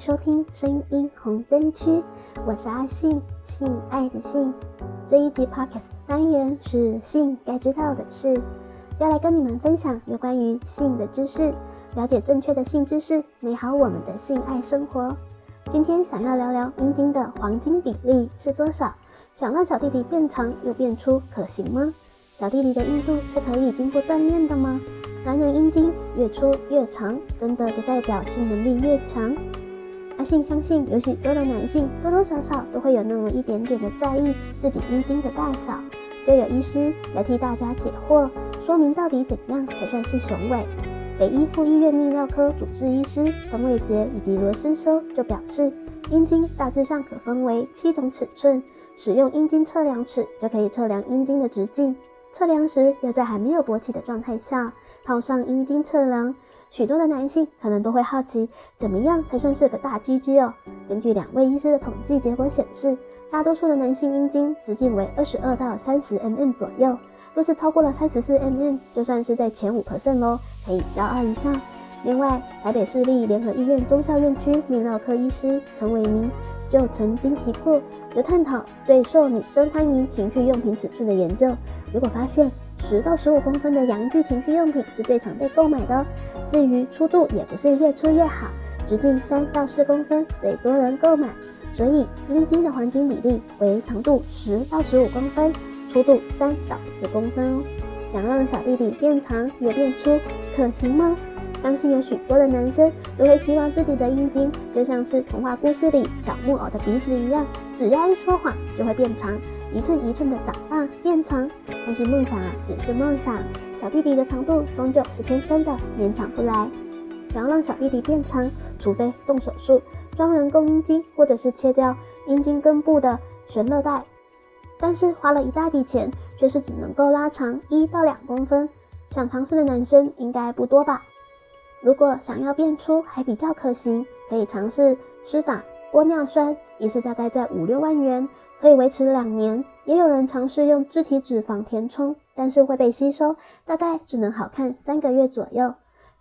收聽聲音紅燈區，我是阿性，性愛的性。這一集 podcast 單元是性該知道的事，要來跟你們分享有關於性的知識，了解正確的性知識，美好我們的性愛生活。今天想要聊聊陰莖的黃金比例是多少？想讓小弟弟變長又變粗可行嗎？小弟弟的硬度是可以經過鍛鍊的嗎？男人陰莖越粗越長，真的就代表性能力越強？阿性相信有許多的男性多多少少都會有那麼一點點的在意自己陰莖的大小，就有醫師來替大家解惑，說明到底怎樣才算是雄偉。北醫附醫院泌尿科主治醫師陳偉傑以及羅詩修就表示，陰莖大致上可分為七種尺寸，使用陰莖測量尺就可以測量陰莖的直徑。測量時要在還沒有勃起的狀態下套上陰莖測量。許多的男性可能都會好奇，怎麼樣才算是個大 GG 哦？根據兩位醫師的統計結果顯示，大多數的男性陰莖直徑為二十二到三十 mm 左右，若是超過了三十四 mm，就算是在前百分之五嘍，可以驕傲一下。另外，台北市立聯合醫院忠孝院區泌尿科醫師陳偉明就曾經提過，有探討最受女生歡迎情趣用品尺寸的研究，結果發現。十到十五公分的陽具情趣用品是最常被購買的哦，至於粗度也不是越粗越好，直徑三到四公分最多人購買。所以陰莖的黃金比例為長度十到十五公分，粗度三到四公分哦。想讓小弟弟變長又變粗，可行嗎？相信有許多的男生都會希望自己的陰莖就像是童話故事裡小木偶的鼻子一樣，只要一說謊就會變長，一寸一寸的長大變長。但是夢想啊，只是夢想。小弟弟的長度終究是天生的，勉強不來。想要讓小弟弟變長，除非動手術，裝人工陰莖，或者是切掉陰莖根部的懸韌帶。但是花了一大筆錢，卻是只能夠拉長一到兩公分。想嘗試的男生應該不多吧？如果想要變粗，還比較可行，可以嘗試施打玻尿酸，一次大概在五六萬元，可以維持兩年。也有人嘗試用自體脂肪填充，但是會被吸收，大概只能好看三個月左右。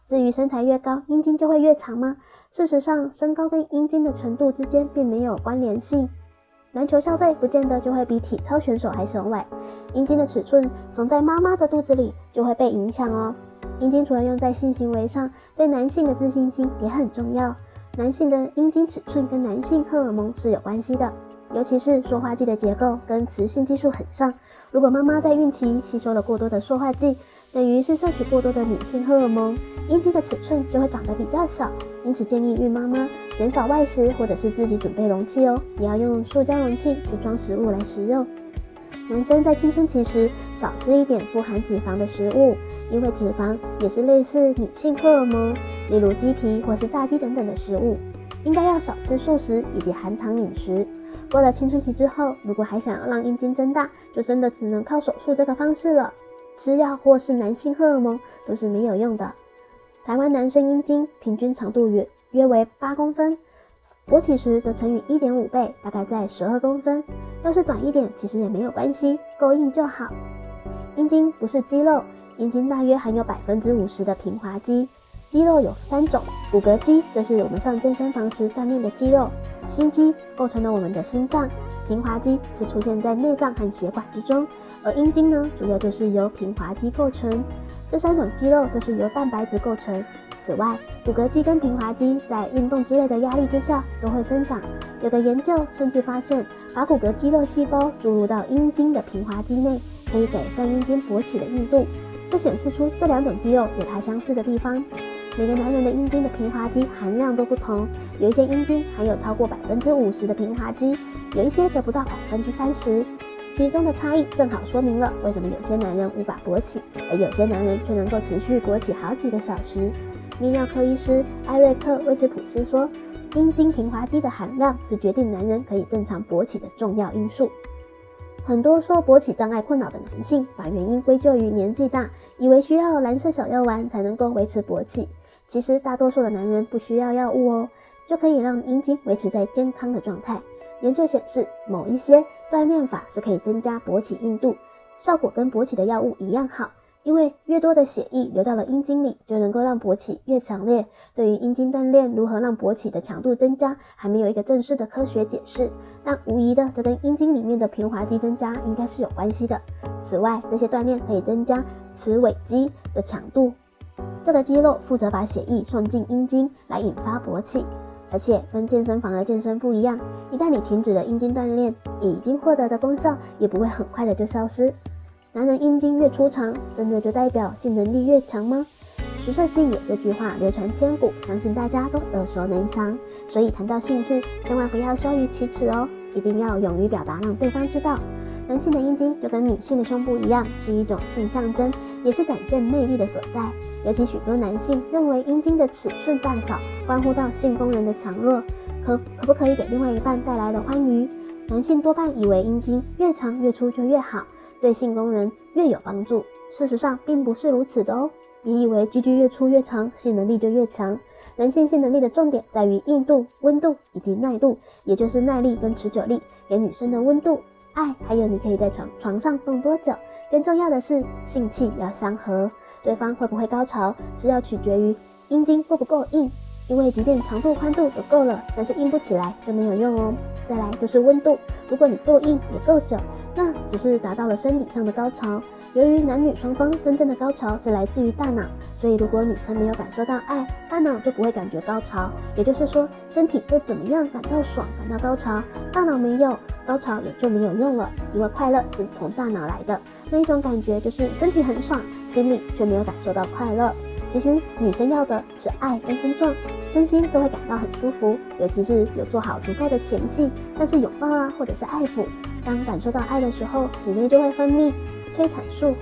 至於身材越高，陰莖就會越長嗎？事實上，身高跟陰莖的程度之間並沒有關聯性。籃球校隊不見得就會比體操選手還雄偉。陰莖的尺寸從在媽媽的肚子裡就會被影響哦。陰莖除了用在性行為上，對男性的自信心也很重要。男性的陰莖尺寸跟男性荷爾蒙是有關係的。尤其是塑化劑的結構跟雌性激素很像，如果媽媽在孕期吸收了過多的塑化劑，等於是攝取過多的女性荷爾蒙，陰莖的尺寸就會長得比較小。因此建議孕媽媽減少外食，或者是自己準備容器哦，也要用塑膠容器去裝食物來食用。男生在青春期時少吃一點富含脂肪的食物，因為脂肪也是類似女性荷爾蒙，例如雞皮或是炸雞等等的食物。應該要少吃素食以及含糖飲食。過了青春期之後，如果還想要讓陰莖增大，就真的只能靠手術這個方式了。吃藥或是男性荷爾蒙都是沒有用的。台灣男生陰莖平均長度約約為八公分，勃起時則乘以一點五倍，大概在十二公分。要是短一點，其實也沒有關係，夠硬就好。陰莖不是肌肉，陰莖大約含有百分之五十的平滑肌。肌肉有三種，骨骼肌這是我們上健身房時鍛鍊的肌肉，心肌構成了我們的心臟，平滑肌是出現在內臟和血管之中，而陰莖呢，主要就是由平滑肌構成。這三種肌肉都是由蛋白質構成。此外，骨骼肌跟平滑肌在運動之類的壓力之下都會生長，有的研究甚至發現，把骨骼肌肉細胞注入到陰莖的平滑肌內，可以改善陰莖勃起的硬度。這顯示出這兩種肌肉有它相似的地方。每個男人的陰莖的平滑肌含量都不同，有一些陰莖含有超過百分之五十的平滑肌，有一些則不到百分之三十。其中的差異正好說明了為什麼有些男人無法勃起，而有些男人卻能夠持續勃起好幾個小時。泌尿科醫師艾瑞克·威斯普斯說，陰莖平滑肌的含量是決定男人可以正常勃起的重要因素。很多受勃起障礙困擾的男性，把原因歸咎於年紀大，以為需要藍色小藥丸才能夠維持勃起。其實大多數的男人不需要藥物哦，就可以讓陰莖維持在健康的狀態。研究顯示，某一些鍛鍊法是可以增加勃起硬度，效果跟勃起的藥物一樣好。因為越多的血液流到了陰莖裡，就能夠讓勃起越強烈。對於陰莖鍛鍊，如何讓勃起的強度增加，還沒有一個正式的科學解釋。但無疑的，這跟陰莖裡面的平滑肌增加應該是有關係的。此外，這些鍛鍊可以增加恥尾肌的強度。這個肌肉負責把血液送進陰莖，來引發勃起。而且跟健身房的健身不一樣，一旦你停止了陰莖鍛鍊，已經獲得的功效也不會很快的就消失。男人陰莖越粗長，真的就代表性能力越強嗎？食色性也這句話流傳千古，相信大家都耳熟能詳。所以談到性事，千萬不要羞於啟齒哦，一定要勇於表達，讓對方知道。男性的陰莖就跟女性的胸部一樣，是一種性象徵，也是展現魅力的所在。尤其許多男性認為陰莖的尺寸大小關乎到性功能的強弱，可可不可以給另外一半帶來的歡愉？男性多半以為陰莖越長越粗就越好，對性功能越有幫助。事實上並不是如此的哦，別以為 GG 越粗越長性能力就越強。男性性能力的重點在於硬度、溫度以及耐度，也就是耐力跟持久力，給女生的溫度。還有，你可以在床床上動多久？更重要的是，性器要相合，對方會不會高潮，是要取決於陰莖夠不夠硬。因為即便長度寬度都夠了，但是硬不起來就沒有用哦。再來就是溫度，如果你夠硬也夠久，那只是達到了身體上的高潮。由於男女雙方真正的高潮是來自於大腦，所以如果女生沒有感受到愛，大腦就不會感覺高潮。也就是說，身體會怎麼樣感到爽、感到高潮，大腦沒有高潮也就沒有用了，因為快樂是從大腦來的。那一種感覺就是身體很爽，心裡卻沒有感受到快樂。其實女生要的是愛跟尊重，身心都會感到很舒服，尤其是有做好足夠的前戲，像是擁抱啊或者是愛撫。當感受到愛的時候，體內就會分泌。催產素，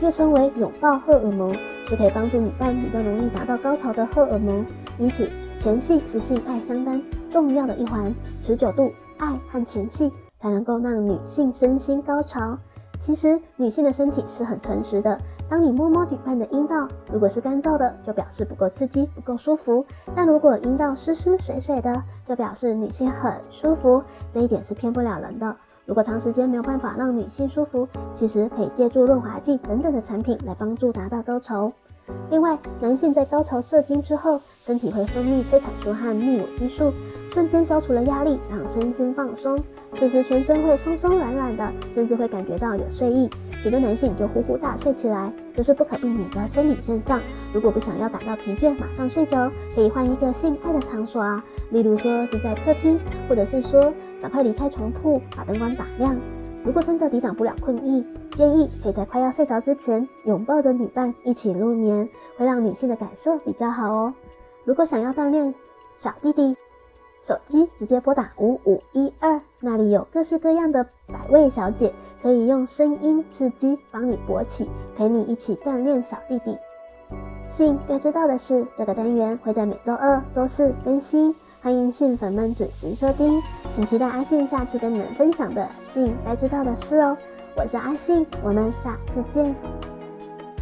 又稱為擁抱荷爾蒙，是可以幫助女伴比較容易達到高潮的荷爾蒙。因此，前戲是性愛相當重要的一環，持久度、愛和前戲才能夠讓女性身心高潮。其實女性的身體是很誠實的，當你摸摸女伴的陰道，如果是乾燥的，就表示不夠刺激、不夠舒服；但如果陰道濕濕水水的，就表示女性很舒服，這一點是騙不了人的。如果長時間沒有辦法讓女性舒服，其實可以借助潤滑劑等等的產品來幫助達到高潮。另外，男性在高潮射精之後，身體會分泌催產素和泌乳激素，瞬間消除了壓力，讓身心放鬆。此時全身會鬆鬆軟軟的，甚至會感覺到有睡意，許多男性就呼呼大睡起來，這是不可避免的生理現象。如果不想要感到疲倦馬上睡着，可以換一個性愛的場所啊，例如說是在客廳，或者是說趕快離開床鋪，把燈光打亮。如果真的抵擋不了睏意，建議可以在快要睡着之前，擁抱着女伴一起入眠，會讓女性的感受比較好哦。如果想要鍛鍊小弟弟，手機直接撥打五五一二，那裡有各式各樣的百位小姐，可以用聲音刺激幫你勃起，陪你一起鍛鍊小弟弟。性該知道的事，這個單元會在每周二、周四更新，歡迎性粉們準時收聽，請期待阿性下次跟你們分享的性該知道的事哦。我是阿性，我們下次見。